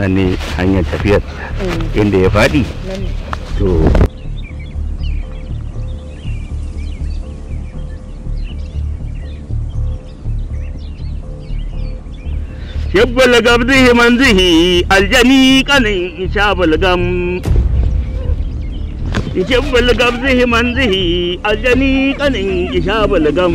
nan ne hanyar tafiyar inda ya faɗi to shabbal gabdihi manzihi aljani kanin shabal gam aljani kanin shabal gam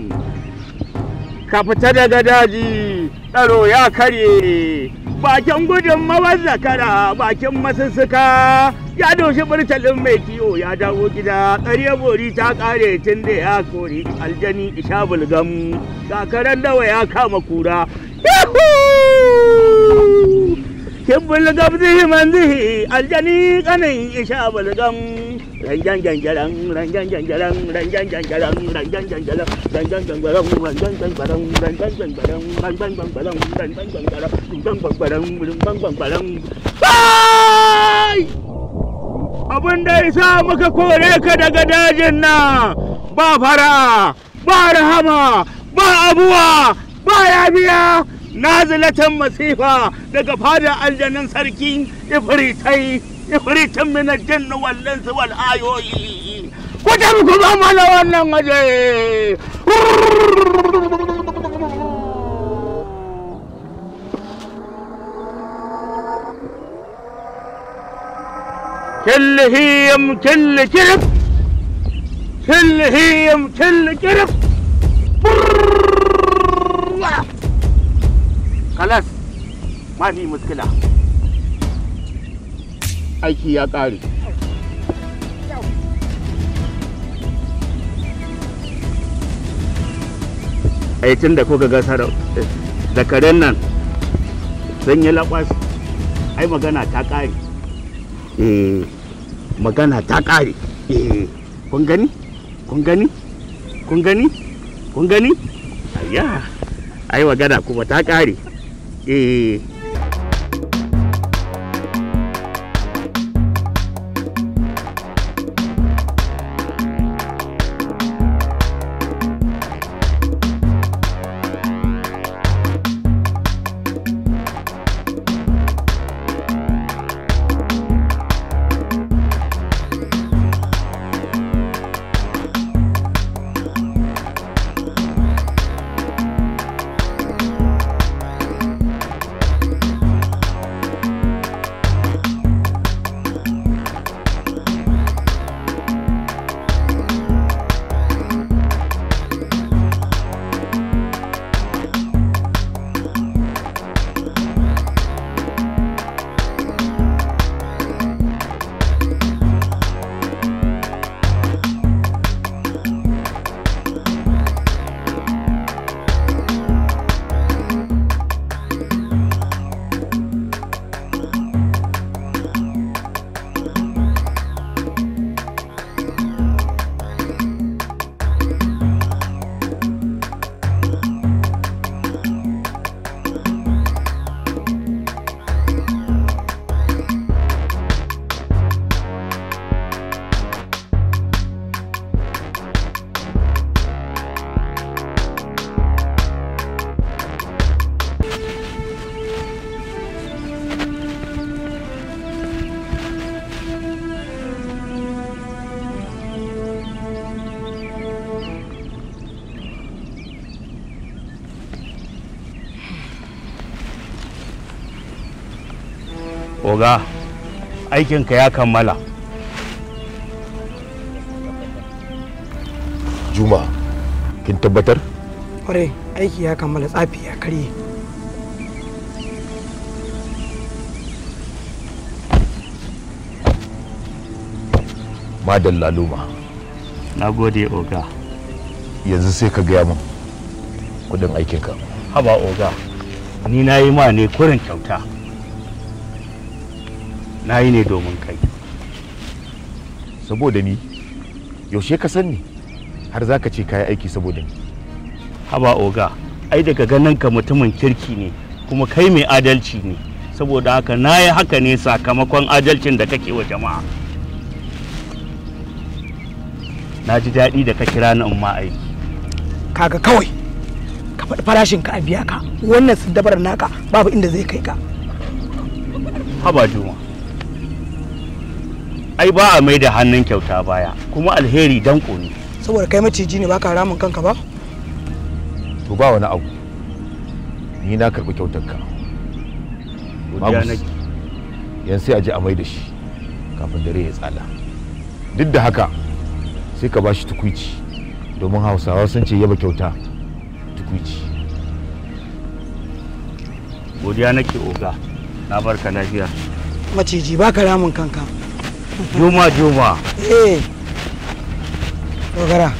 ka fita daga daji tsaro ya karye bakin gudun mawar zakara bakin masussuka ya doshi burtalin mai kiwo ya dawo gida ƙarya bori ta ƙare tun da ya kori aljani isha bulgam kakaran dawa ya kama kura kin bulgam zihi man zihi aljani kanin isha bulgam abin da ya sa muka kore ka daga dajin nan ba fara ba rahama ba abuwa ba yabiya nazilatan masifa daga fadar aljanun sarki ifritai إفريت من الجن والإنس والآيوي ودمكم أمل والنمدي كل هيم كل كرف كل هيم كل كرف خلاص ما في مشكله aiki ya ƙare aitin da kuka gasar da karen nan sun yi laƙwas ai magana ta ƙare eh, magana ta ƙare eh, kun gani kun gani kun gani kun gani ayya ai magana kuma ta ƙare eh oga aikinka ya kammala juma kin tabbatar kware aiki ya kammala tsafi ya karye madalla luma na gode oga yanzu sai ka gaya min kudin aikinka haba oga ni na yi ma ne kurin kyauta na yi ne domin kai saboda ni yaushe ka san ni har za ka ce ka yi aiki saboda ni haba oga ai daga ganin ka mutumin kirki ne kuma kai mai adalci ne saboda haka na yi haka ne sakamakon adalcin da kake wa jama'a na ji daɗi da ka kira ni in ma aiki kaga kawai ka faɗi farashin ka a biya ka wannan su dabar naka babu inda zai kai ka haba juma ai ba a mai da hannun kyauta baya kuma alheri dan ne saboda kai maciji ne baka ramin kanka ba to ba wani abu ni na karbi kyautar ka yanzu sai a ji a mai da shi kafin dare ya tsala duk da haka sai ka bashi tukuici domin hausawa sun ce yaba kyauta tukuici godiya nake oga na barka lafiya maciji baka ramin kanka juma juma eh dogara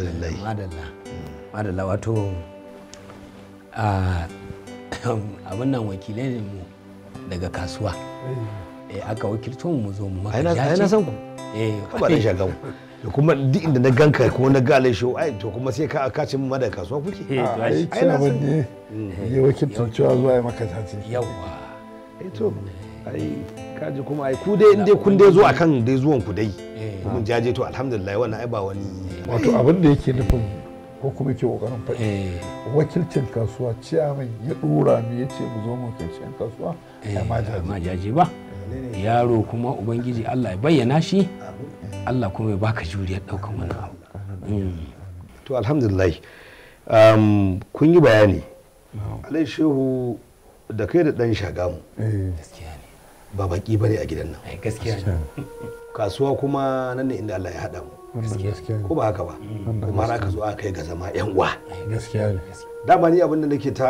alhamdulillah madalla wato abin nan wakilai ne mu daga kasuwa eh. Eh, aka wakilto mu zo mu maka jaje ai na san ku eh ba dan shagamu da kuma duk inda na ganka kuma na gale shi ai to kuma sai ka ka cin mada kasuwa kuke eh, ai ai na san ne mm. ya wakilto cewa zuwa ya maka jaje yawa eh to mm. ai kaji kuma ai ku dai in dai kun dai zo akan dai zuwan ku dai mun jaje to alhamdulillah wannan ai ba wani wato abin da yake nufin ko kuma yake kokarin faɗi eh. wakilcin kasuwa ciyaman ya dora mu yace mu zo mu kai kasuwa amma eh, jaje ba yaro kuma ubangiji Allah ya bayyana shi Allah kuma ya baka juriyar daukan wani abu mm. to alhamdulillah um, kun yi bayani alai shehu da kai da dan shagamu eh. gaskiya ne ba baki bane a gidan nan gaskiya ne kasuwa kuma nan ne inda Allah ya haɗa mu ko ba haka ba kuma har aka zo aka kai ga zama yan uwa gaskiya ne dama ni abin da nake ta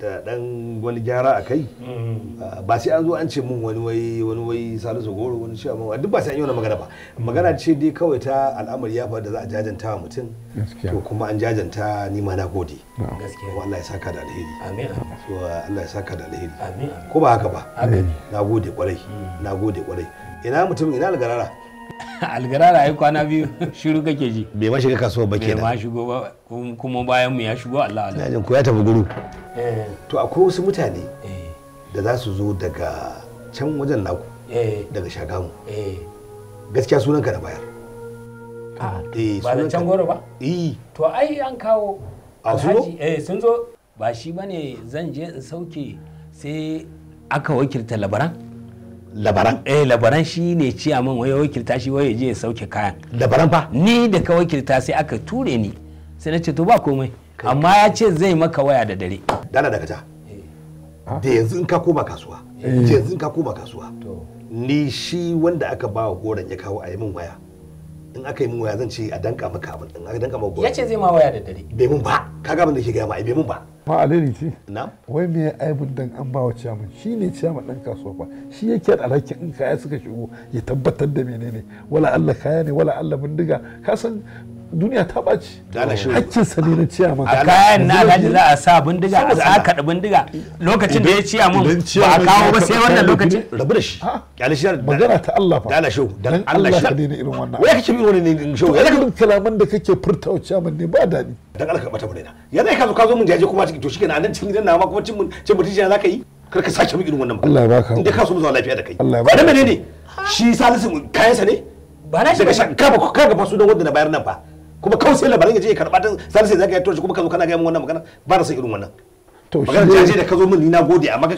da dan wani gyara a kai mm. ba sai an zo an ce mun wani wai wani wai salisu goro wani shi amma duk ba sai an yi wani magana ba mm. magana ce dai kawai ta al'amari ya faru da za a jajanta wa mutum to kuma an jajanta ni ma na gode gaskiya Allah ya saka da alheri amin Allah ya saka da alheri amin ko ba haka ba na gode kwarai mm. na gode kwarai ina mutum ina algarara algarara ai kwana biyu shiru kake ji bai ma shiga kasuwa ba kenan bai ma shigo ba kuma bayan mu ya shigo Allah Allah ina jin ko ya tafi guru eh. to akwai wasu mutane eh. da za su zo daga can wajen naku eh. daga shagamu gaskiya sunan ka da bayar ah, ba da can goro ba to ai an kawo alhaji sun zo ba shi bane zan je in sauke sai aka wakilta labaran labaran eh labaran shi ne ciyaman waye wakilta shi waye je ya sauke kayan labaran fa ni da ka wakilta sai aka ture ni sai na ce to ba komai amma ya ce zai maka waya da dare dana daga ta eh. da yanzu in ka koma kasuwa ce eh. yanzu in ka koma kasuwa ni shi wanda aka ba wa goron ya kawo a yi min waya in aka yi min waya zan ce a danka maka abin in aka danka maka goron ya ce zai ma waya da dare bai mun ba kaga abin da ke gaya ma ai bai mun ba ma alheri ce wai me ya aibin dan an ba wa ciyaman shi ne ciyaman ɗan kasuwa fa shi yake da alhakin in kaya suka shigo ya tabbatar da menene wala Allah kaya ne wala Allah bindiga ka duniya ta ɓaci haƙƙin sa ne na ciya ma kayan na gaji za a sa bindiga a sa kaɗa bindiga lokacin da ya ciya mun ba a kawo ba sai wannan lokacin rabu da shi kyale magana ta Allah ba dala shau dan Allah shi ne irin wannan wai kake bi wani ne shau ya zaka kalaman da kake furta wa ciya ne ba dadi dan Allah ka bata murena ya zai ka zo ka zo mun jaje kuma cikin to shikenan nan cikin gidan na ma kuma cin mun cin mutunci za ka yi kar ka sake mu irin wannan Allah ya baka inda ka so mu zama lafiya da kai Allah ya baka ne shi salisu kayansa ne ba na shi ka ba ka ba su don wanda na bayar nan ba kuma kawai sai labaran ya je ya karɓa ta salisai zaka yi toshi kuma ka zo kana gaya min wannan magana ba na son irin wannan to shi da ka zo min ni na gode amma ka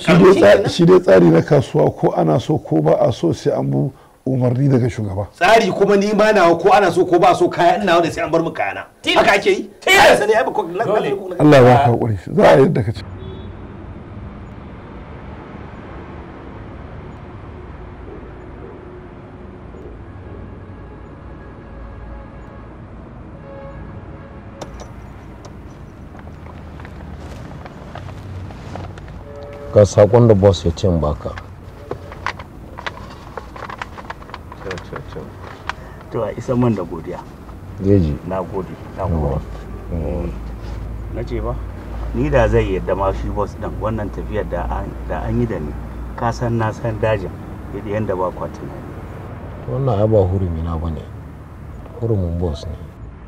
shi dai tsari na kasuwa ko ana so ko ba a so sai an bu umarni daga shugaba tsari kuma ni ma nawa ko ana so ko ba a so kaya ina wanda sai an bar min kayana haka ake yi tilas ne ai ba ko Allah ya ka hakuri za a yadda ka ce ga sakon da boss ya ce in baka to a isa man da godiya geji na gode na gode eh, na ce ba ni da zai yadda ma shi boss din wannan tafiyar da an yi da ni ka san na san dajin yadda yanda ba kwa tunani wannan ai ba hurumi na bane hurumin boss ne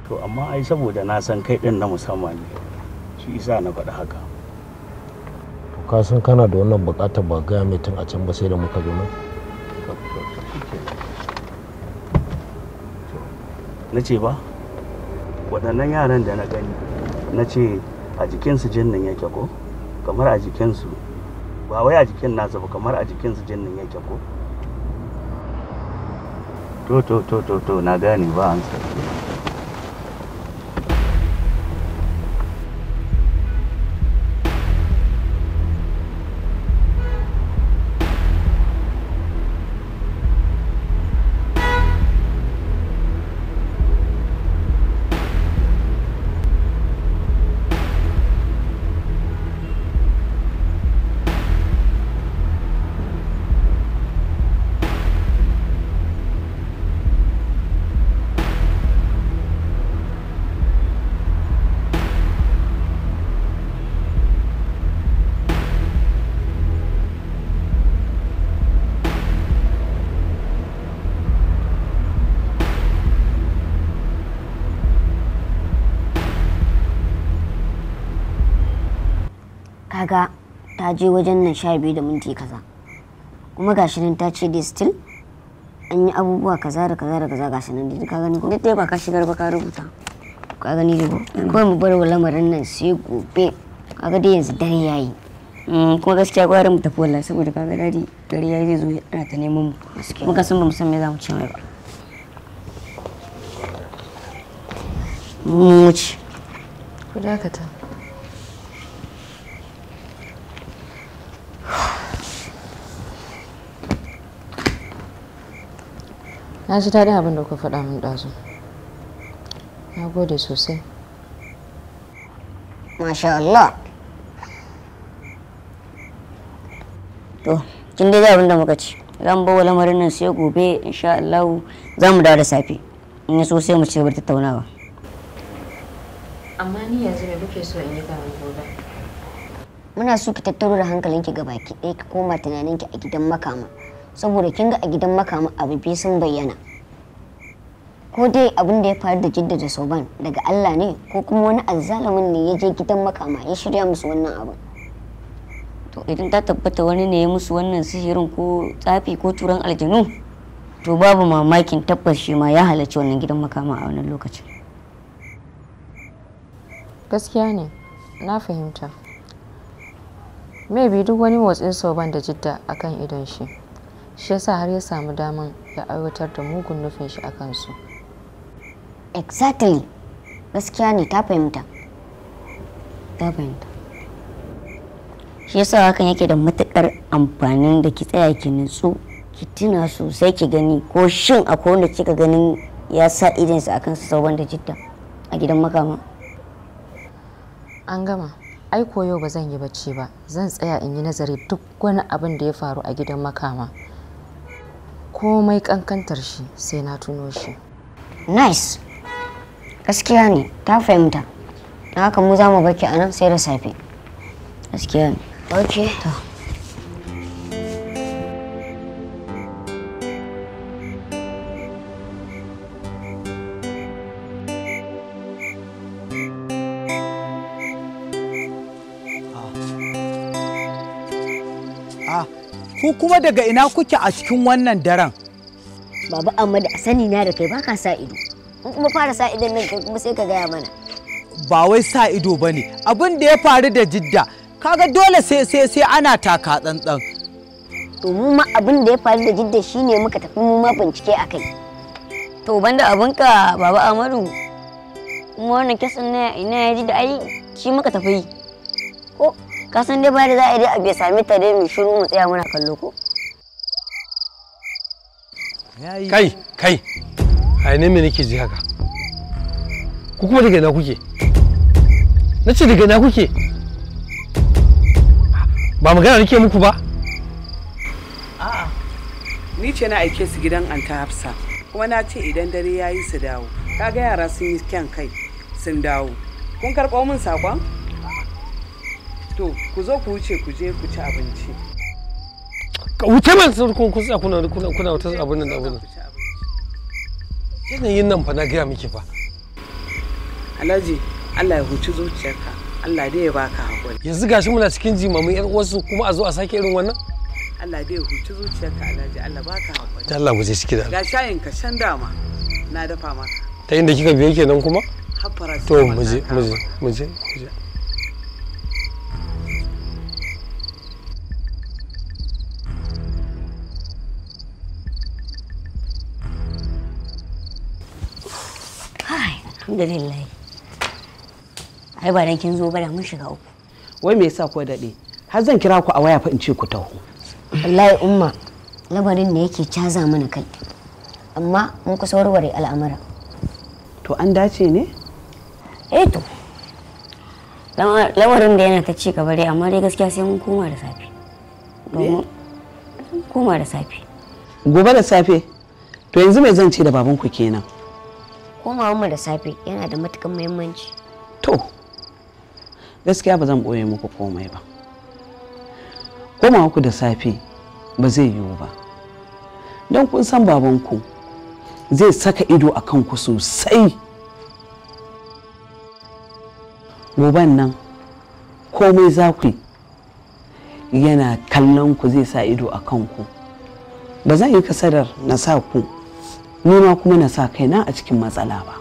to amma ai saboda na san kai din na musamman ne shi isa na faɗa haka ka san kana da wannan bukatar ba gaya mai tun a can ba sai da muka zo nan na ce ba waɗannan yaran da na gani na ce a jikinsu jinnin yake ko kamar a jikinsu ba wai a jikin nasa ba kamar a jikinsu jinnin yake ko to to to to to na gane ba an sarki kaga ta je wajen nan sha biyu da minti kaza kuma gashi nan ta ce dai still an yi abubuwa kaza da kaza da kaza gashi nan dai ka gani ko dai ba ka shigar ba ka rubuta ka gani dai ko mu bar lamarin nan sai gobe ga dai yanzu dare yayi mm, kuma gaskiya gwara mu tafi wallahi saboda kaga dadi dare yayi zai zo ana ta neman mu muka san ba mu san me za mu ce mai ba mu ci ku dakata na ji daɗin abin da ku faɗa min ɗazu na gode sosai masha Allah to kin dai abin da muka ci zan bawa lamarin nan sai gobe insha Allah za mu dawo da safe in ya so sai mu ci gaba tattaunawa amma ni yanzu me kuke so in yi kafin gobe muna so ki tattaro da hankalinki gabaki ɗaya ki koma tunaninki a gidan makama saboda kin ga a gidan makama abu biyu sun bayyana ko dai abin da ya faru da jidda da soban daga Allah ne ko kuma wani azzalumin ne ya je gidan makama ya shirya musu wannan abin to idan ta tabbata wani ne ya musu wannan sihirin ko tsafi ko turan aljanu to babu mamakin tabbas shi ma ya halarci wannan gidan makama a wannan lokacin gaskiya ne na fahimta maybe duk wani motsin soban da jidda akan idon shi shi yasa har ya samu daman ya aiwatar da mugun nufin shi a kansu exactly gaskiya ne ta fahimta ta fahimta shi yasa hakan yake da matukar amfanin da ki tsaya ki nutsu ki tuna sosai ki gani ko shin akwai wanda kika ganin ya sa sa akan sauran da jitta a gidan makama an gama ai yau ba zan yi bacci ba zan tsaya in yi nazari duk wani abin da ya faru a gidan makama komai kankantar shi sai na tuno shi nice gaskiya ne ta fahimta na haka mu za mu baki a nan sai da safe gaskiya ne ok to Ku kuma daga ina kuke a cikin wannan daren? Baba Ahmad a sani na da kai baka sa ido. In kuma fara sa idon nan kai kuma sai ka gaya mana. Ba wai sa ido ba ne, abin da ya faru da jidda, kaga dole sai sai sai ana taka tsantsan. To mu ma abin da ya faru da jidda shine muka tafi mu ma bincike a kai. To banda ka Baba Ahmadu, kuma wannan kesin na ina ya ji da ai shi muka tafi. Ko kasan dai bayan za a yi dai a sami ta dai mu shiru mu tsaya muna kallo ko kai kai a ne me nake ji haka ku kuma daga ina kuke na ce daga ina kuke ba magana nake muku ba a'a ni ce na aike su gidan anta hafsa kuma na ce idan dare ya yi su dawo kaga yara sun yi kyan kai sun dawo kun karɓo min saƙon to ku zo ku wuce ku je ka wuce man kuna kuna kuna wata abin nan abin yanayin nan fa gaya miki fa Allah ya huci zuciyarka Allah dai ya baka hakuri yanzu gashi muna cikin jimamin yar wasu kuma a zo a sake irin wannan Allah dai ya huci zuciyarka alhaji Allah baka hakuri Allah guje ciki da ga shayin ka shan dama na dafa maka ta inda kika biye kenan kuma to muje muje muje muje alhamdulillah ai ba dan kin zo ba da mun shiga uku wai me yasa ko dade har zan kira ku a waya fa in ce ku taho wallahi umma labarin ne yake caza mana kai amma mun kusa warware al'amura to an dace ne eh to lamarin da yana ta ci gaba dai amma dai gaskiya sai mun koma da safe koma da safe gobe da safe to yanzu mai zan ce da babanku kenan komawa mu da safe yana da matukan muhimmanci to gaskiya ba zan ɓoye muku komai ba komawa ku da safe ba zai yiwu ba don kun san babanku zai saka ido a kanku sosai goban nan komai za ku yana kallon ku zai sa ido a kanku ba zan yi kasadar na sa ku ni ma kuma na sa kaina a cikin matsala ba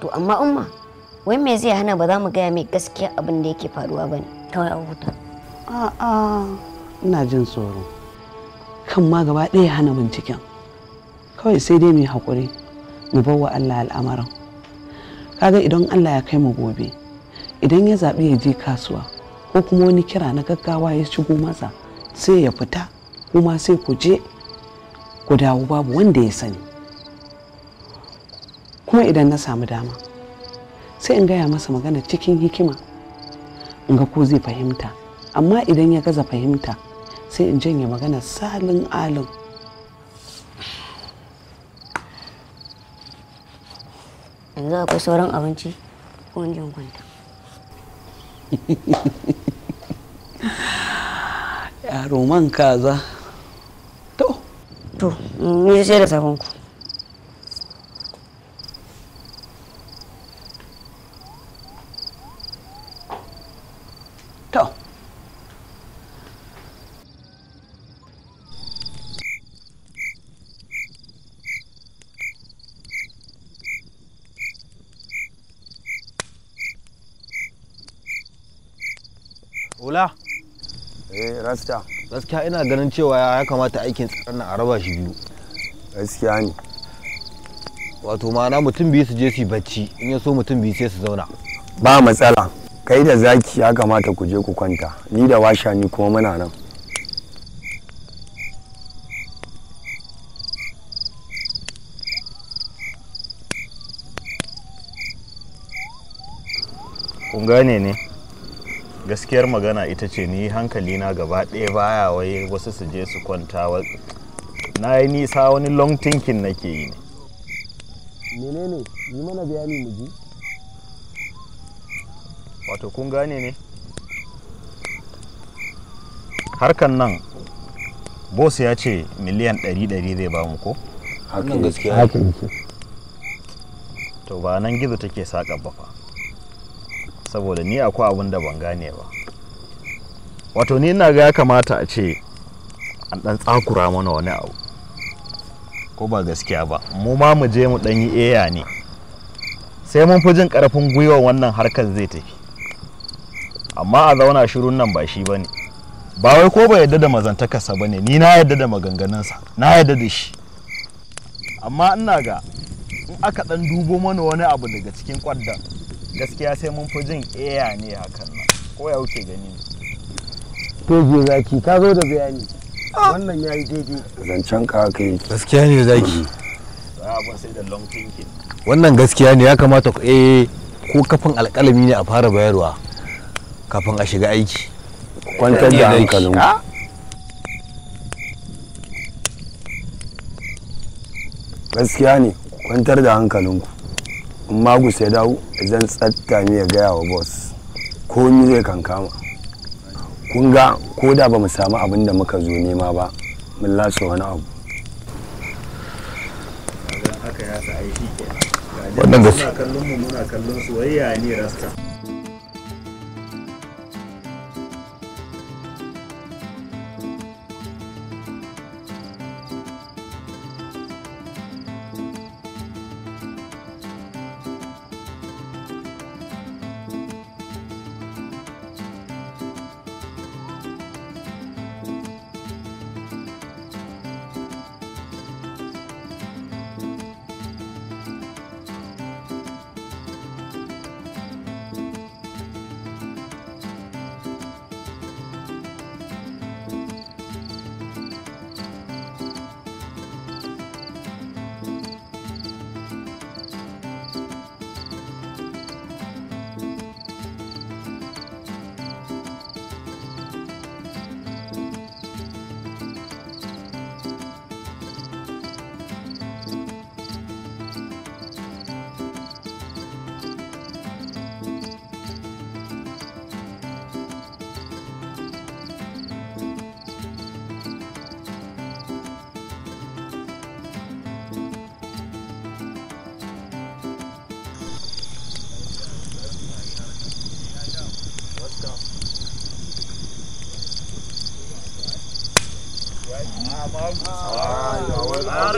to amma umma wai me zai hana ba za mu gaya mai gaskiya abin da yake faruwa ba ne kawai a huta a'a ina jin tsoro kan ma gaba ɗaya hana binciken kawai sai dai mai hakuri mu bar wa Allah al'amarin kaga idan Allah ya kai mu gobe idan ya zaɓi ya je kasuwa ko kuma wani kira na gaggawa ya shigo masa sai ya fita kuma sai ku je ku dawo babu wanda ya sani kuma idan na samu dama sai in gaya masa magana cikin hikima in ga ko zai fahimta amma idan ya gaza fahimta sai in janye magana salin alin yanzu akwai sauran abinci ko in kwanta yaro man kaza to ni sai da sakon ku to Ula? Eh, Rasta. gaskiya ina ganin cewa ya kamata aikin tsaron a raba shi biyu gaskiya ne wato ma'ana mutum biyu su je su bacci in ya so mutum biyu sai su zauna ba matsala kai da zaki ya kamata ku je ku kwanta ni da washa ni kuma muna nan kun gane ne gaskiyar magana ita ce ni hankali na gaba ɗaya baya wai wasu su je su kwanta na yi nisa wani long thinking nake yi ne menene yi mana bayani mu ji wato kun gane ne harkan nan boss ya ce miliyan ɗari-ɗari zai ba mu ko hakan gaskiya to ba nan gizo take saƙa ba fa saboda ni akwai abin da ban gane ba wato ni ina ga ya kamata a ce an dan tsakura mana wani abu ko ba gaskiya ba mu ma mu je mu dan yi eya ne sai mun fi jin karfin gwiwa wannan harkar zai tafi amma a zauna shirun nan ba shi bane ba wai ko ba yadda da mazantakarsa ne ni na yadda da maganganunsa na yadda da shi amma ina ga in aka dan dubo mana wani abu daga cikin kwaddan gaskiya sai mun fi jin iya ne hakan nan ko ya wuce gani to je zaki ka zo da bayani ah! wannan ya yi daidai zancen ka kai gaskiya ne zaki ba sai da long thinking wannan gaskiya ne ya kamata eh ko kafin alƙalami ne a fara bayarwa kafin a shiga aiki kwantar da hankalin ah! gaskiya ne kwantar da hankalinku in magus ya dawo zan tsaka ya gaya wa boss ko ni zai kankama kun ga ko da ba mu samu abin da muka zo nema ba mun lasa wani abu wannan gaskiya muna kallon mu muna kallon soyayya ne rasta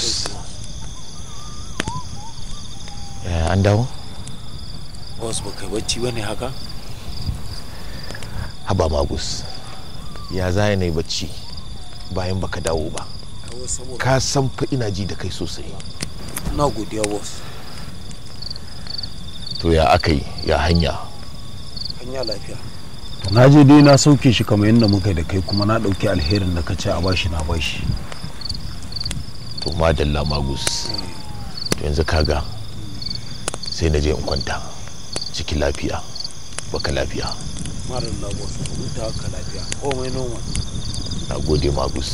Bulus. an dawo? Boss ba kai bacci ba ne haka? Haba Magus, ya zaya na yi bacci bayan baka dawo ba. Ka san fa ina ji da kai sosai. Na godiya boss. To ya aka yi ya hanya? Hanya lafiya. Na je dai na sauke shi kamar yadda muka da kai kuma na ɗauki alherin da ka ce a bashi na bashi. madalla magus to yanzu kaga sai na je in kwanta ciki lafiya baka lafiya madalla magus huta ka lafiya komai normal na gode magus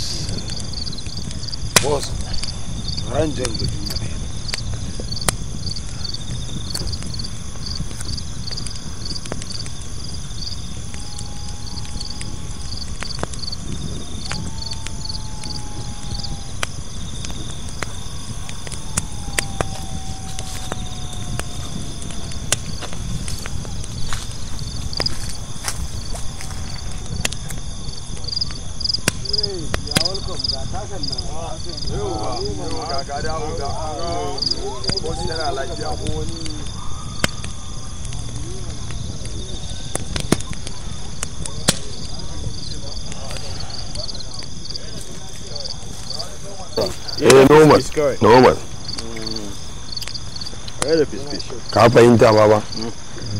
boss ranjan gudu normal ka fahimta ba ba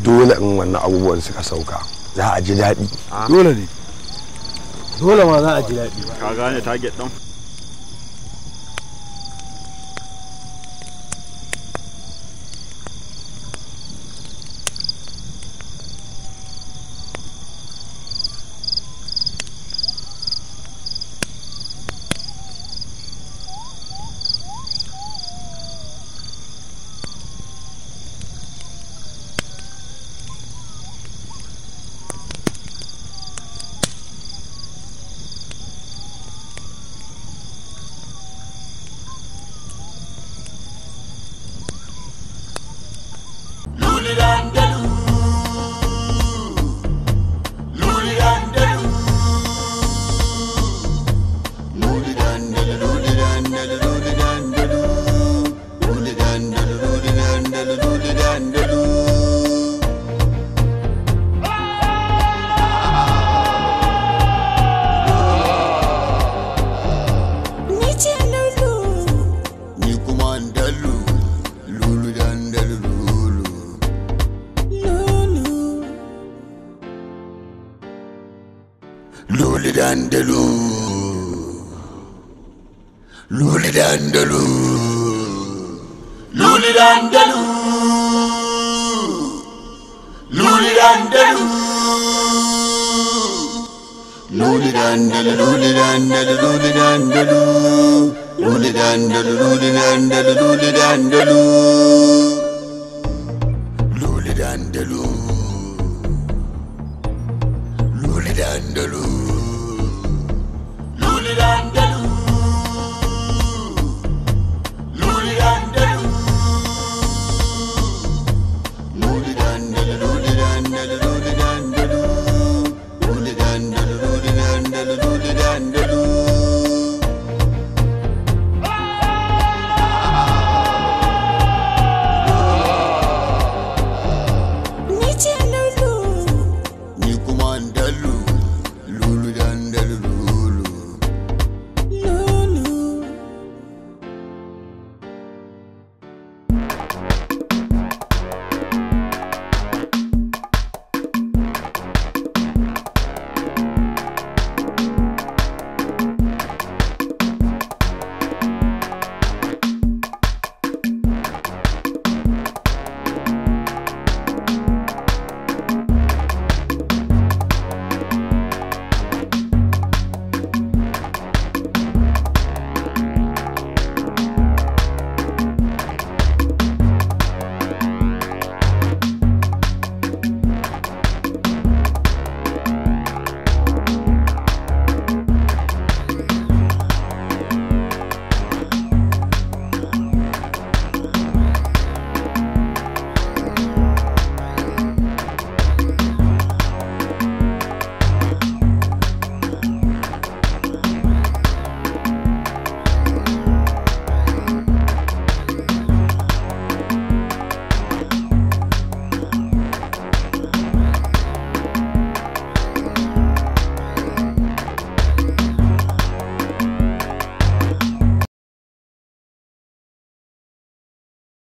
dole in wannan abubuwan suka sauka za a ji daɗi dole ne dole ma za a ji daɗi ka gane target ɗin తండ్రులు నీకు మండలు లూలు దండలు లూలు లూలు దండలు లూలు దండలు Luli Dandalu. dandalu lulu dandalu lulu dandalu lulu dandalu lulu dandalu lulu dandalu